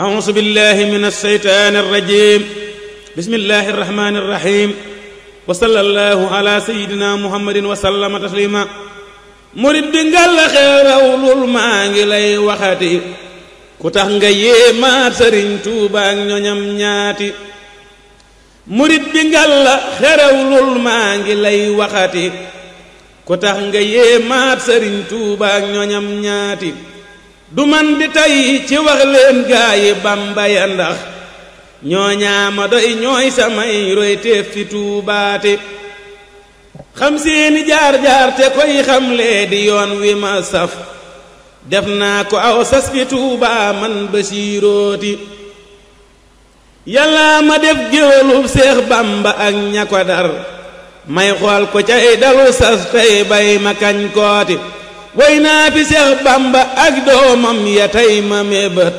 أعوذ بالله من الشيطان الرجيم بسم الله الرحمن الرحيم وصلى الله على سيدنا محمد وسلم تسليما murit bi nga la xeeraw maa ngi lay waxati ku tax nga yéemaat sëriñ Tuuba ak ñoñam ñaati murit bi nga la xeeraw maa ngi lay waxati ku tax nga yéemaat sëriñ Tuuba ak ñoñam ñaati du man di tey ci wax leen gaa yi Bamba ya ndax ñoo ñaama doy ñooy samay roy teef fi tuubaate xam seeni jaar-jaar te koy xamlee di yoon wi ma saf def naa ko aw sas fi tuubaa man basiirooti yàllaa ma def géwalub seex Bamba ak ña dar may xool ko cay dalu sas tey bay ma kañ kooti way naa fi seex bamba ak doomam ya tey meebat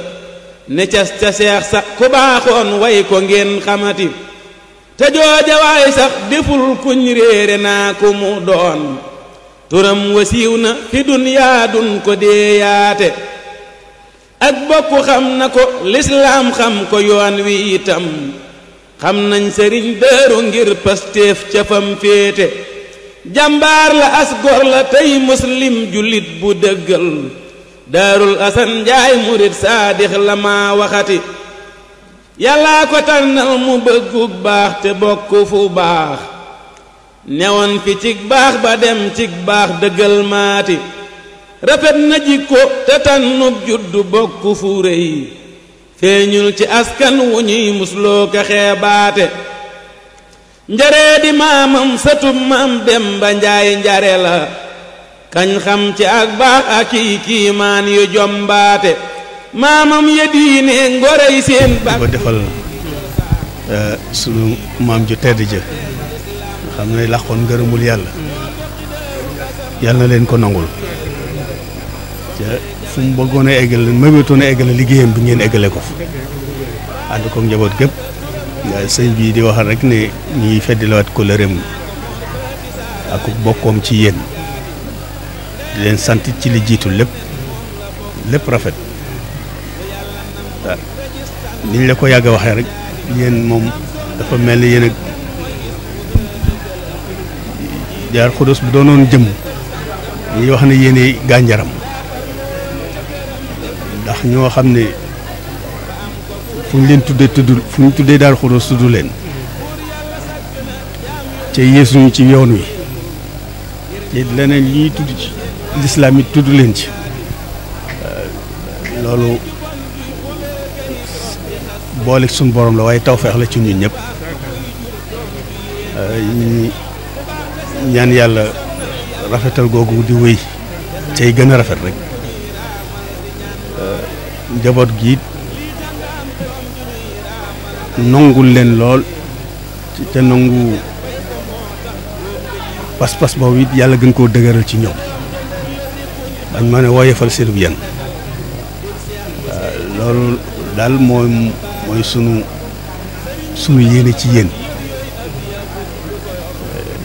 ne cas ca seex sa ku baaxoon way ko ngeen xamati te jooja sax deful kuñ réere naa ku mu doon turam wa siiw na fi dunyaa dun ko deeyaate ak bokku xam na ko lislaam xam ko yoon wi itam xam nañ sëriñ dëru ngir pasteef ca fam jàmbaar la as gor la tey muslim jullit bu dëggal darul asan njaay murit saadix la maa waxati yàllaa ko tànnal mu bëggug baax te bokk fu baax newoon fi cig baax ba dem cig baax dëggal maati rafet na jikko te tànnub juddu bokk fu rëy feeñul ci askan wu ñuy musloo ka xeebaate njare di maamam sëtub maam Demba Njaay njare la kañ xam ci ak baax ak i kiimaan yu jombaate maamam ya diine ngorey seen ba ko defal eh, maam ju tedd ja xam ne làqoon ngërëmul yàlla yàlla na leen ko nangul te fu mu bëggoon a eggal mébétoon a eggal liggéeyam bi ngeen eggale ko ànd ko njaboot gépp waaye sëñ bii di wax rek ne ñuy feddilawaat kóllëreem ak bokkoom ci yéen leen sant ci li jiitu lépp lépp rafet niñ la ko yàgg a waxee rek yéen moom dafa mel ni yéen ak jaar xudus bu doonoon jëm ñuy wax ne yéenay gànjaram ndax ñoo xam ne fu ñu leen tuddee tudd fu ñu tuddee daal xuróos tudd leen te yeesuñu ci yoon wi leneen li ñuy tudd ci lislaam tudd leen ci loolu boole suñu borom la waaye tawfeex la ci ñun ñëpp ñi ñaan yàlla rafetal googu di wéy cay gën a rafet rek njaboot gi nongul leen lool te nangu pas-pas boobu it yàlla gën koo dëgëral ci ñoom bañ ma ne woyefal seenub yenn loolu daal mooy sunu sunu yéene ci yéen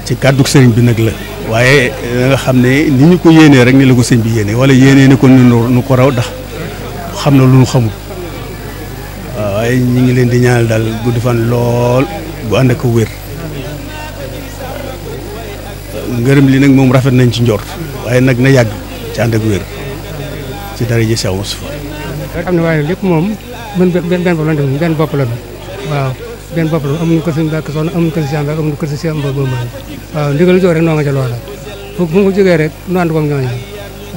ci kàddu sëriñ bi nag la waaye da eh, xam ne ni ñu ko yéenee rek ni la ko sëñ bi yéene wala yéenee ni ko nu ko raw dax xam na lu ñu xamul waaye ñi ngi leen di ñaanal daal gudd fan lool bu ànd ak wér ngërëm li nag moom rafet nañ ci njort waaye nag na yàgg ci ànd ak wér ci dara ji sew su fa. xam ne waaye la ñu def benn bopp la waaw benn bopp la amuñu si sàmm amuñu ko si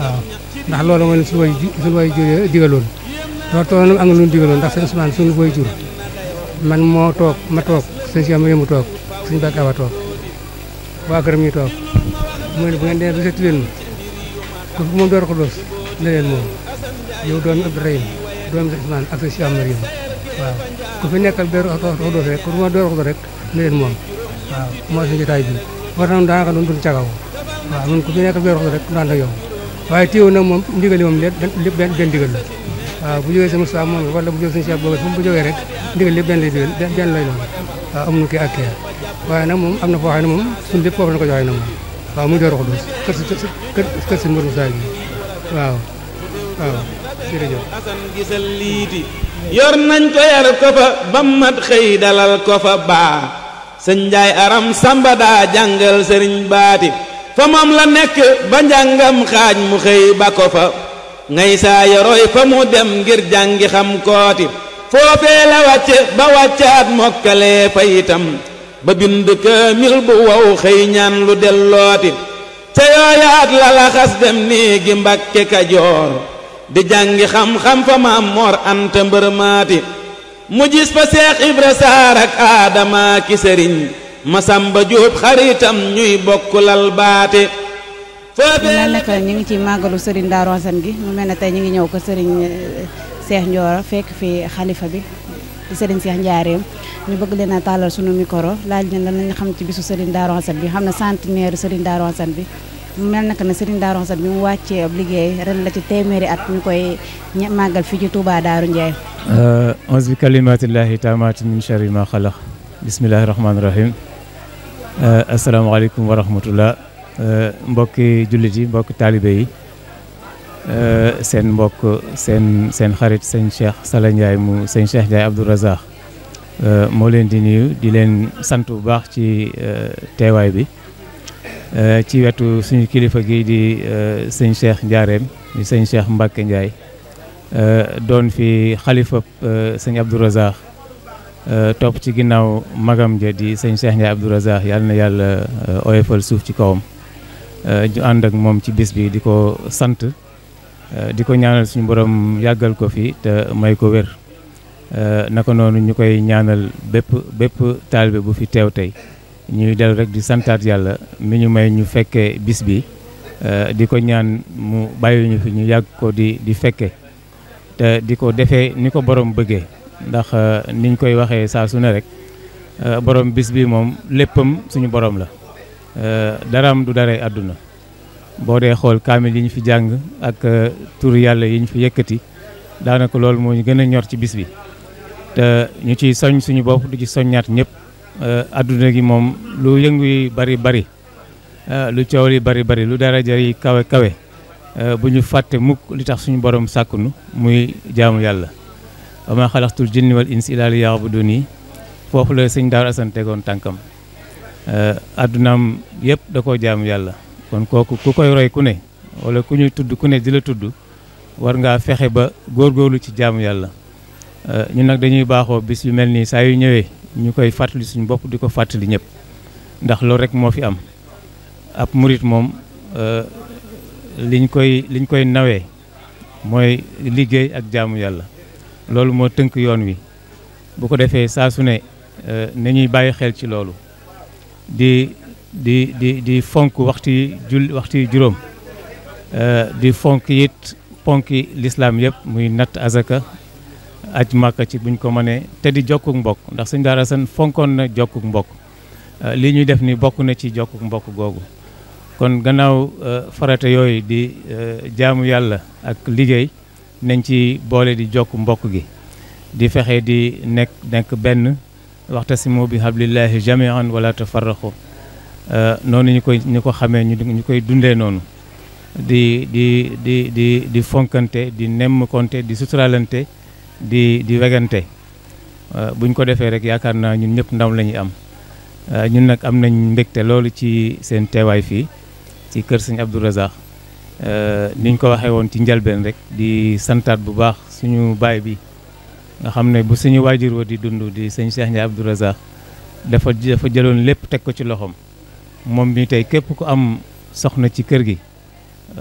waaw ndax loolu mooy suñu way suñu loolu toolam na lu ñu digaloon ndax sëñ Ousmane suñu jur man moo toog ma toog sëñ si mu toog suñu bàkk awa toog waa këram ñu toog mu ne bu ngeen demee ba seeti leen ko fi moom door ko doos ne leen moom yow doomi Abdourahim doomi sëñ Ousmane ak sëñ si Amari waaw door ku fi ma door ko rek ne leen moom waaw moo suñu jotaay bi moo tax daanaka doon dund cagaw waaw wa ku fi nekkal door ko doos rek daan ak yow waaye téew nag moom ndigali moom lépp benn ndigal waaw ah, bu jógee sëñ Moussa moom la bu jógee sëñ Cheikh boobu fu mu jógee rek ndigal lépp benn lay benn lay doon waaw ah, amuñu kii ak kii waaye nag moom am na foo xam ne moom suñu lépp foofu la ko joxee nag moom waaw muy door xudus kër kër kër sëñ Mor Moussa gi waaw waaw jërëjëf asan gisal liiti yor nañ ko yar ko fa ba mat xëy dalal ko fa baa sëñ aram samba daa jàngal sëriñ baati fa moom la nekk ba njàngam xaaj mu xëy ba ko fa ngay saa yoroy fa mu dem ngir jàngi xam kooti foofee la wàcce ba wàccaat mokkalee fa itam ba bind kaamil bu wow xëy ñaan lu dellooti ca yooyaat la laxas dem nii gi mbàkke kajoor di jàngi xam-xam fa maam moor anta mbërmaati mu gis fa seex ibra saar ak aadamaa ki sëriñ masamba jóob ñuy bokk lal mel ne que ñu ngi ci màggalu Serigne Darou Assane gi mu mel ne tey ñu ngi ñëw ko Serigne eh, Cheikh Ndioro fekk fi xalifa bi di Serigne Cheikh Ndiaréem ñu bëgg leen a tàllal suñu micro laaj leen lan lañ xam ci bisu Serigne Darou Assane bi xam na centenaire Serigne Darou Assane bi mu mel naka ne Serigne bi mu wàccee ab liggéey ren la ci téeméeri at ñu koy màggal fii ci Touba Darou Ndiaye. Euh, auzu bi kalimatillahi taamaati min sharri ma xalaq bismillahi rahmaani rahim euh, asalaamaaleykum Euh, mbokki jullit yi mbokki taalibe yi euh, seen mbokk seen seen xarit sëñ Cheikh Sala Ndiaye mu sëñ Cheikh Ndiaye Abdou Razak euh, moo leen di nuyu di leen sant bu baax ci teewaay bi ci wetu suñu kilifa gi di sëñ Cheikh Ndiarème di sëñ Cheikh Mbacke Ndiaye doon fi xalifa sëñ Abdou Razak topp ci ginnaaw magam ja di sëñ Cheikh Ndiaye Abdou Razak yàlla na yàlla oyofal suuf ci kawam ju euh, ànd ak moom ci bis bi di ko sant euh, di ko ñaanal suñu borom yàggal ko fi te may ko wér euh, naka noonu ñu koy ñaanal bépp bépp taalibe bu fi teew tey ñuy del rek di santaat yàlla mi ñu may ñu fekkee bis bi di ko ñaan mu bàyyi fi ñu yàgg ko di di fekke te di ko defee ni ko borom bëggee ndax niñ koy waxee saa su ne rek borom bis bi moom léppam suñu borom la Euh, daraam du daray àdduna boo dee xool kaamil yi ñu fi jàng ak euh, tur yàlla yi ñu fi yëkkati daanaka loolu moo ñu gën a ñor ci bis bi te ñu ciy soñ suñu bopp du ci soññaat ñëpp euh, àdduna gi moom lu yëngu yi bari bari lu coow yi bari bari lu daraja jari kawe kawe bu ñu fàtte mukk li tax suñu borom sàkkunu muy jaamu yàlla wa ma xalaqtul jinni wal insi illa liya'buduni foofu la sëñ daar Asan tegoon tànkam Eh, addunaam yëpp da ko jaamu yàlla kon kooku ku koy roy ku ne wala ku ñuy tudd ku ne di la tudd war ngaa fexe ba góorgóorlu ci jaamu yàlla eh, ñun nag dañuy baaxoo bis yu mel nii saa yu ñëwee ñu koy fàttali suñu bopp di ko fàttali ñëpp ndax loolu rek moo fi am ab murit moom eh, liñ koy liñ koy nawee mooy liggéey ak jaamu yàlla loolu moo tënk yoon wi bu ko defee saa su ne nañuy bàyyi xel ci loolu di di di fonk waxtu jul waxtu juróom euh, di fonk yit ponki lislaam yëpp muy natt azaka aj màkka ci buñ ko mënee te di jokkuk mbokk ndax suñ daara san fonkoon na jokkuk mbokk euh, li ñuy def ni bokk na ci jokkuk mbokk googu kon gannaaw euh, farata yooyu di jaamu yàlla ak liggéey nañ ci boole di jokk mbokk gi di fexe di nekk nekk benn si moo bi hablillahi jamian wala tafarraqu noonu ñu koy ñu ko xamee ñu ñu koy dundee noonu di di di di di fonkante di nemm di suturalante di di wegante buñ ko defee rek yaakaar naa ñun ñëpp ndaw lañuy am ñun nag am nañ mbégte loolu ci seen teewaay fii ci kër sëñ Abdou Razak niñ ko waxee woon ci njalbeen rek di santaat bu baax suñu baay bi nga xam ne bu suñu waajur wa di dund di sëñ Cheikh Ndiaye Abdou Razak dafa dafa jëloon lépp teg ko ci loxoom moom mi tey képp ku am soxna ci kër gi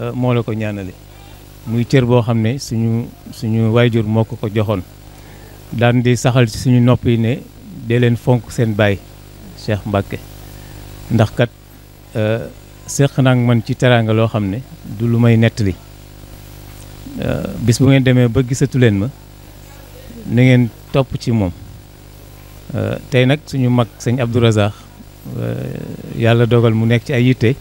euh, moo la ko ñaanale muy cër boo xam ne suñu suñu waajur moo ko ko joxoon daan di saxal ci suñu nopp yi ne dee leen fonk seen baay Cheikh Mbacke ndax kat euh, séq naa man ci teraanga loo xam ne du lu may nettali euh, bis bu ngeen demee ba gisatu leen ma na topp ci moom euh, tey nag suñu mag sëñ Abdou Razak euh, yàlla dogal mu nekk ci ay yitte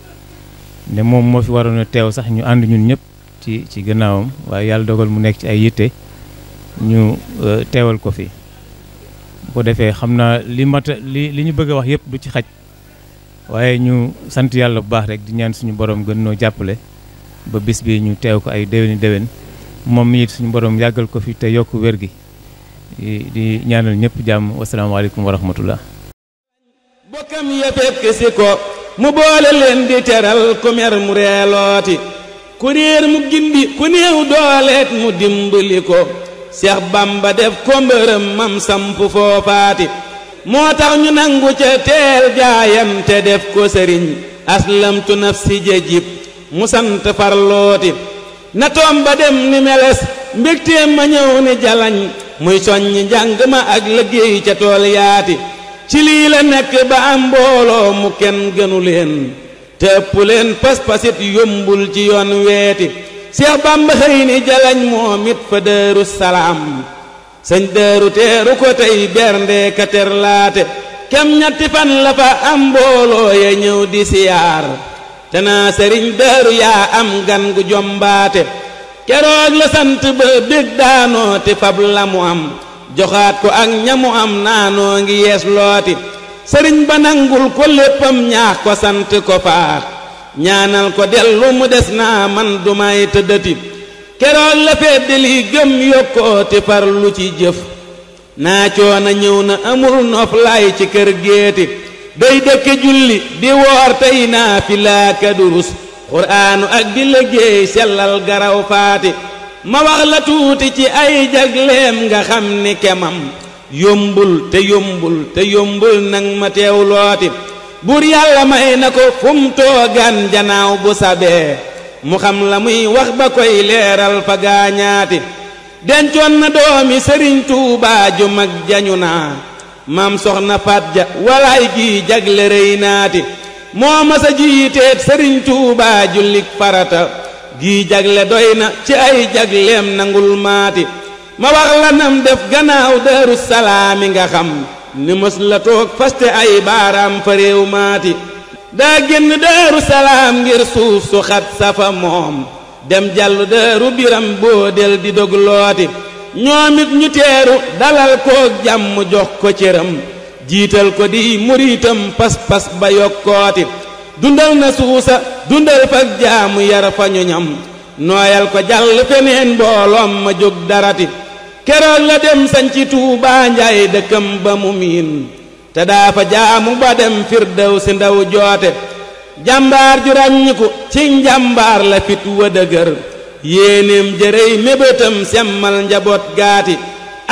ne moom moo fi waroon a teew sax ñu ànd ñun ñëpp ci ci gannaawam waaye yàlla dogal mu nekk ci ay yitte ñu euh, teewal ko fi bu ko defee xam naa li mat li li ñu bëgg a wax yëpp du ci xaj waaye ñu sant yàlla bu baax rek di ñaan suñu borom gën noo jàppale ba bis bi ñu teew ko ay déwéni déwén moom it suñu borom yàggal ko fi te yokk wér gi di ñaanal ñëpp jàmm wasalaamaaleykum bokkam ya ko mu boole leen di teral ku mer mu reelooti ku réer mu gindi ku néew dooleet mu dimbali ko Seex Bamba def ko mam samp foofaati moo tax ñu nangu ca teel jaayam te def ko sëriñ aslamtu nafsi jëjib mu sant farlooti na tomba dem ni meles mbégteem ma ñëw ni jalañ muy soññ njàng ma ak liggéey ca tool yaati ci lii la nekk ba am mbooloo mu kenn gënu leen te ëpp leen pas-pasit yombul ci yoon weeti Seex Bàmba xëy ni jalañ moom it fa dëeru salaam sëñ dëeru teeru ko tey bernde ka kem ñetti fan la fa am mbooloo ya ñëw di siyaar te naa sëriñ dëeru yaa am gan gu jombaate keroog la sant ba bég daanoo te la mu am joxaat ko ak ñamu am naanoo ngi yees looti sëriñ ba nangul ko léppam ñaax ko sant ko faat ñaanal ko dellu mu des naa man du may tëddati keroog la fedd li gëm yokkooti far lu ci jëf naacoo na ñëw na amul nof ci kër géeti day dëkke julli di woor tey naa fi laa kadurus quraanu ak di liggéey sellal garaw faati ma wax la tuuti ci ay jagleem nga xam ni kemam yombul te yombul te yombul nag ma teew looti buur yàlla may na ko fum toogaan janaaw bu sabee mu xam la muy wax ba koy leeral fa gaañaati dencoon na doomi sëriñ tuubaa ju mag jañu naa maam soxna faat ja walaay gii jagle rëy naati moo mas a jiiteet sëriñ tuubaa jullik farata gii jagle doy na ci ay jagleem nangul maati ma wax la nam def gannaaw daru salaami nga xam ni mës toog faste ay baaraam fa réew maati daa génn daaru salaam ngir suuf su xat safa moom dem jàll daaru biram boo di dog looti ñoomit ñu teeru dalal koog jàmm jox ko cëram jiital ko di muritam pas ba yokkooti dundal na suusa dundal fak jaamu yar fa nooyal ko jàll feneen mbooloom ma jóg darati keroog la dem sañci Tuubaa Njaay dëkkam ba mu miin te daa fa jaamu ba dem firdaw si ndaw joote jàmbaar ju ràññiku ci la fit wa dëgër yéenéem jërëy mébétam semmal njaboot gaati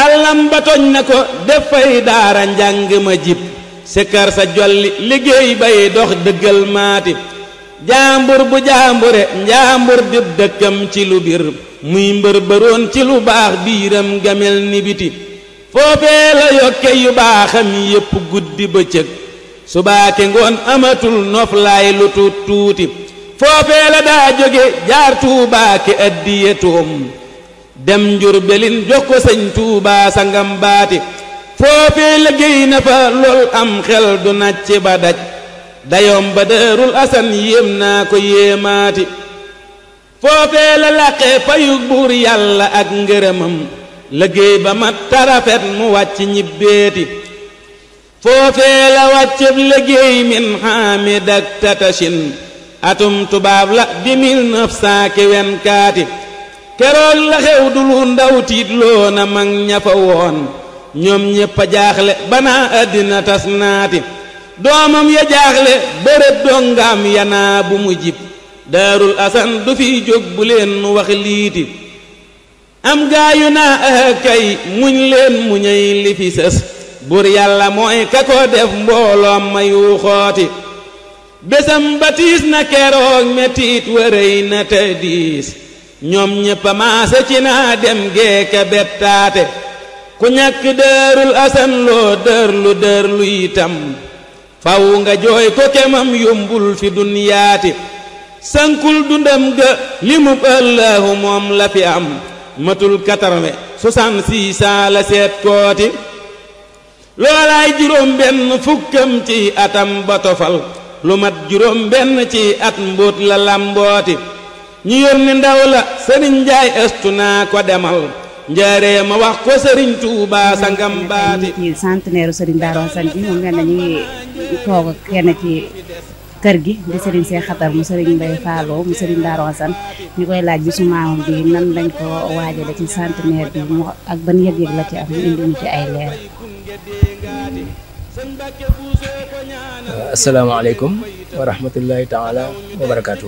àllam ba toñ na ko def fay daara njàng ma jib sikkar sa jolli liggéey bay dox dëggal maati jaambur bu jaambure njaambur dib dëkkam ci lu bir muy mbër bëroon ci lu baax biiram gamel ni biti foofee la yokke yu baaxam yépp guddi bëccëg subaake ngoon amatul noflaay lu tuut tuuti foofee la daa jóge jaar tuubaake addiye tuum dem njurbelin jox ko sëñ tuubaa sa ngam baati na fa lool am xel du nàcc ba daj dayoom ba dërul asan yéem naa ko yéemaati foofee la làqee payug buur yàlla ak ngërëmam liggéey ba mat tarafet mu wàcc ñibbeeti foofee la wàcceb liggéey min xaamid ak tatashin atum tubaab la di 1994 keroog la xew dul ndaw tiit loo na mag ña woon ñoom ñépp a jaaxle banaa àddina tas naati doomam ya jaaxle bërëb dongaam yanaa bu mu jib daarul asan du fiy jóg bu leen wax liiti am gaayu naa ah kay muñ leen mu ñëy li yàlla mooy ka ko def mbooloom mayu xooti bésam batiis na keroog mettiit wërëy na te ñoom ñëpp a maase ci naa dem geeke bettaate ku ñàkk dërul asan loo dërlu dërlu itam faw nga jooy ko kemam yombul fi dunyaati sankul dundam ga li mu moom la am matul katarme susan siisaa la seet kooti loolaay juróom benn fukkam ci atam ba lu mat juróom benn ci at mbóot la làmbooti ñu yónni ndaw la sëriñ njaay ëstu ko demal njaaree ma wax ko sëriñ Touba sangam baati ñi centenaire sëriñ Darou Assane na ñu ngi toog ak ci gi di sëriñ mu sëriñ Mbaye mu sëriñ ñu koy laaj bi su maamam bi nan lañ ko waajale ci centenaire bi ak ban yëg-yëg la ci am indi ñu ci ay leer asalaamaaleykum wa rahmatullahi taala wa barakaatu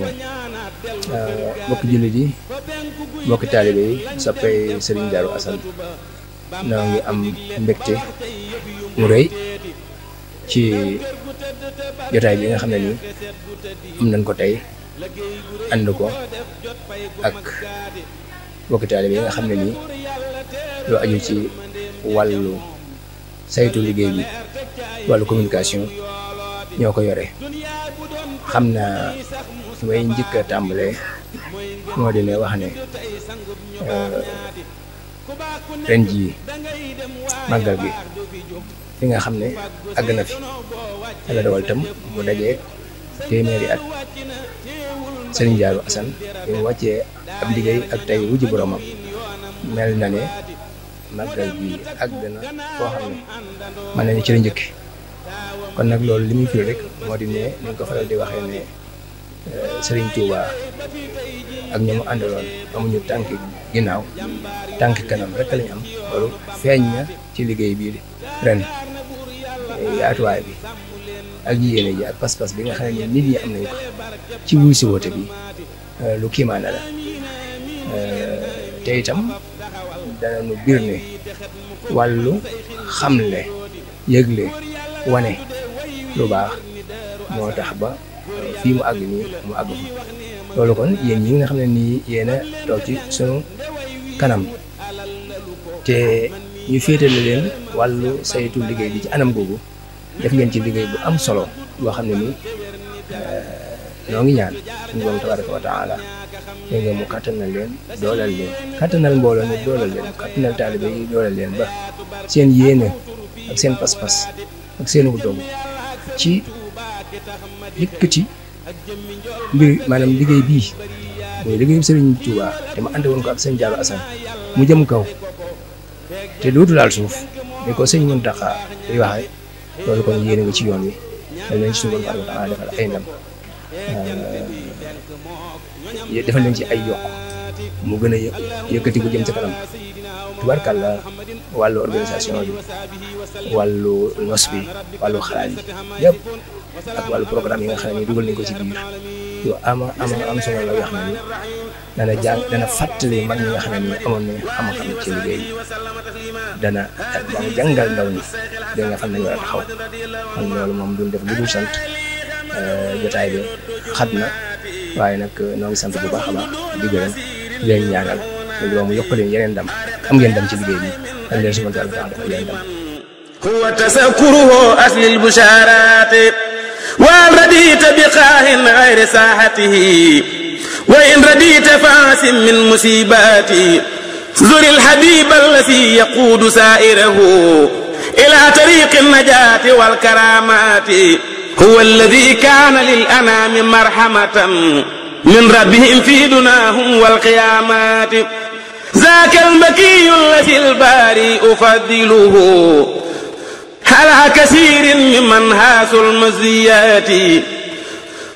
mbokki jullit yi mbokki taalibe yi soppee Serigne Darou Assane noo ngi am mbégte mu rëy ci jotaay bi nga xam ne ni am nañ ko tey ànd ko ak mbokki taalibe yi nga xam ne nii lu aju ci wàllu saytu liggéey bi wàllu communication ñoo ko yore xam naa may njëkk a tàmbalee moo di wax ne euh, ren jii màggal gi fi nga xam ne àgg na fi yàlla dogal tam mu dajee téeméeri at sëriñ Diallo Assane wàccee ab liggéey ak tey wujji boromam mel na ne màggal gi àgg na koo xam ne mën nañu ci la njëkk kon nag loolu li muy firi rek moo di ne ko faral di waxee ne Serigne Touba ak ñi àndaloon amuñu tànk ginnaaw tànk kanam rek lañ am loolu feeñ na ci liggéey bii ren eh, yaatuwaay bi ak yéene ji ak pas-pas bi nga xam ne nit ñi am nañ ci wuy si woote bi eh, lu kiimaane la eh, te itam dana nu biir ne wàllu xamle yëgle wane lu baax moo tax ba fii mu àgg nii mu àgg ko loolu kon yéen ñi nga xam ne nii yéen a toog ci sunu kanam te ñu féetale leen wàllu saytu liggéey bi ci anam googu def leen ci liggéey bu am solo boo xam ne nii euh, noo ngi ñaan suñu borom tabaraka wa taala dégg nga mu kàttanal leen doolal leen kàttanal mbooloo mi doolal leen kàttanal taalibe yi doolal leen ba seen yéene ak seen pas-pas ak seen wu dogu ci yëkkati mbir maanaam liggéey bii mooy liggéeyum Serigne Touba te dama ànd woon ko ak sëñ Diallo Assane mu jëm kaw te dootu laal suuf mais ko sëñ Mountakha day waxee loolu kon yéene nga ci yoon wi dañ leen ci suñu defal ay ndam ah, defal leen ci ay yokk mu gën a yëkkati bu jëm ci kanam. tubarkalla wàllu organisation bi wàllu nos bi wàllu xalaat yi yëpp ak wàllu programme yi nga xam ne dugal nañ ko ci biir yu ama ama am solo la yoo xam ne dana jàng dana fàttali mag ñi nga xam ne amoon nañu xam ci liggéey dana dana jàngal ndaw da nga xam ne war a moom duñ def lu dul sant euh, jotaay bi xat na waaye nag ñoo ngi sant bu baax a baax di gërëm ñaanal. suñu borom yokk leen yeneen ndam am ngeen ndam ci liggéey bi am leen subhanahu wa taala dafa leen ndam huwa tasakuruhu asli lbusharaati waan radita bi qaahin gayri saaxatihi wa in radita faasim min musibaati zuri lhabiba allasi yaquudu saa'irahu ila tariqi najaati walkaramaati huwa alladi kaana lil anaami marhamatan min rabbihim fi dunaahum walqiyaamaati ذاك المكي الذي الباري أفضله على كثير ممن هاس المزيات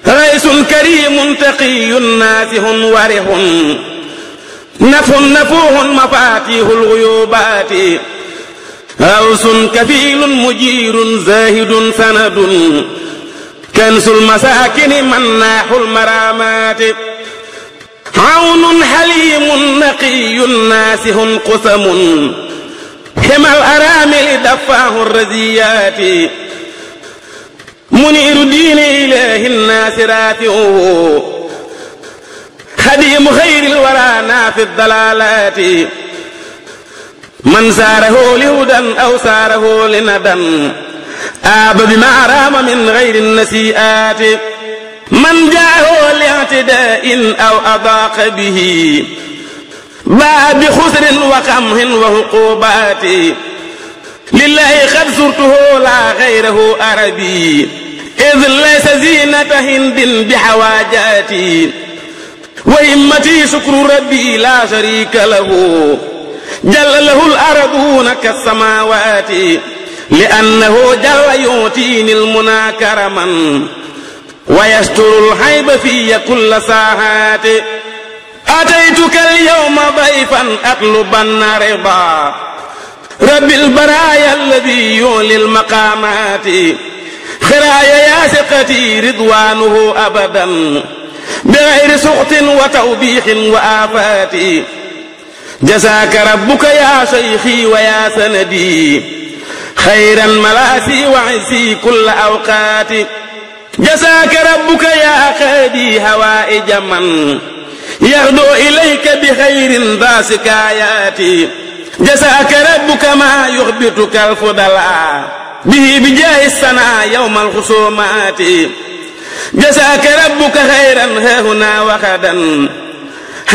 رئيس كريم تقي ناسه وره نف نفوه مفاتيح الغيوبات أوس كفيل مجير زاهد سند كنس المساكن مناح المرامات عون حليم نقي ناسه قسم حمى الأرامل دفاه الرزيات منير دين إله الناس رافعه خديم خير الورى نافي الضلالات من ساره لهدى أو ساره لندى آب بما رام من غير النسيئات من جاءه لاعتداء أو أضاق به باء بخسر وقمح وعقوبات لله قد زرته لا غيره أربي إذ ليس زينة هند بحواجاتي وهمتي شكر ربي لا شريك له جل له الأرضون كالسماوات لأنه جل يؤتيني المنى كرما wa yasturul xayba fiya kulla saaxaate ataytukal yawma dayfan atlubanna ridaa rabbil baraaya alladi yuulil maqaamaati xiraaya yaasiqati ridwaanuhu abadan bi gayri suxtin wa tawbiixin wa aafaati jasaaka rabbuka yaa sayxi wa yaa sanadi xayran malaasi wa isi kulla awqaati جزاك ربك يا خادي هوائج من يغدو إليك بخير ذا سكاياتي جزاك ربك ما يغبطك الفضلاء به بجاه السنا يوم الخصومات جزاك ربك خيرا هاهنا وخدا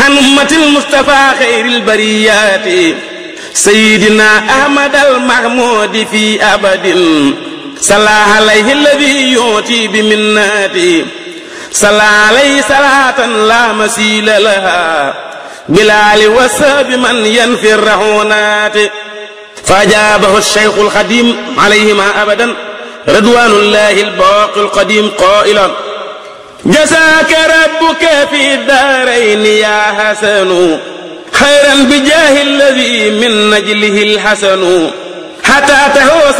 عن أمة المصطفى خير البريات سيدنا أحمد المحمود في أبد صلى عليه الذي يعطي بمناته صلى عليه صلاة لا مثيل لها بلال وسب من ينفي الرهونات فأجابه الشيخ الخديم عليهما أبدا رضوان الله الباقي القديم قائلا جزاك ربك في الدارين يا حسن خيرا بجاه الذي من نجله الحسن حتى تهوس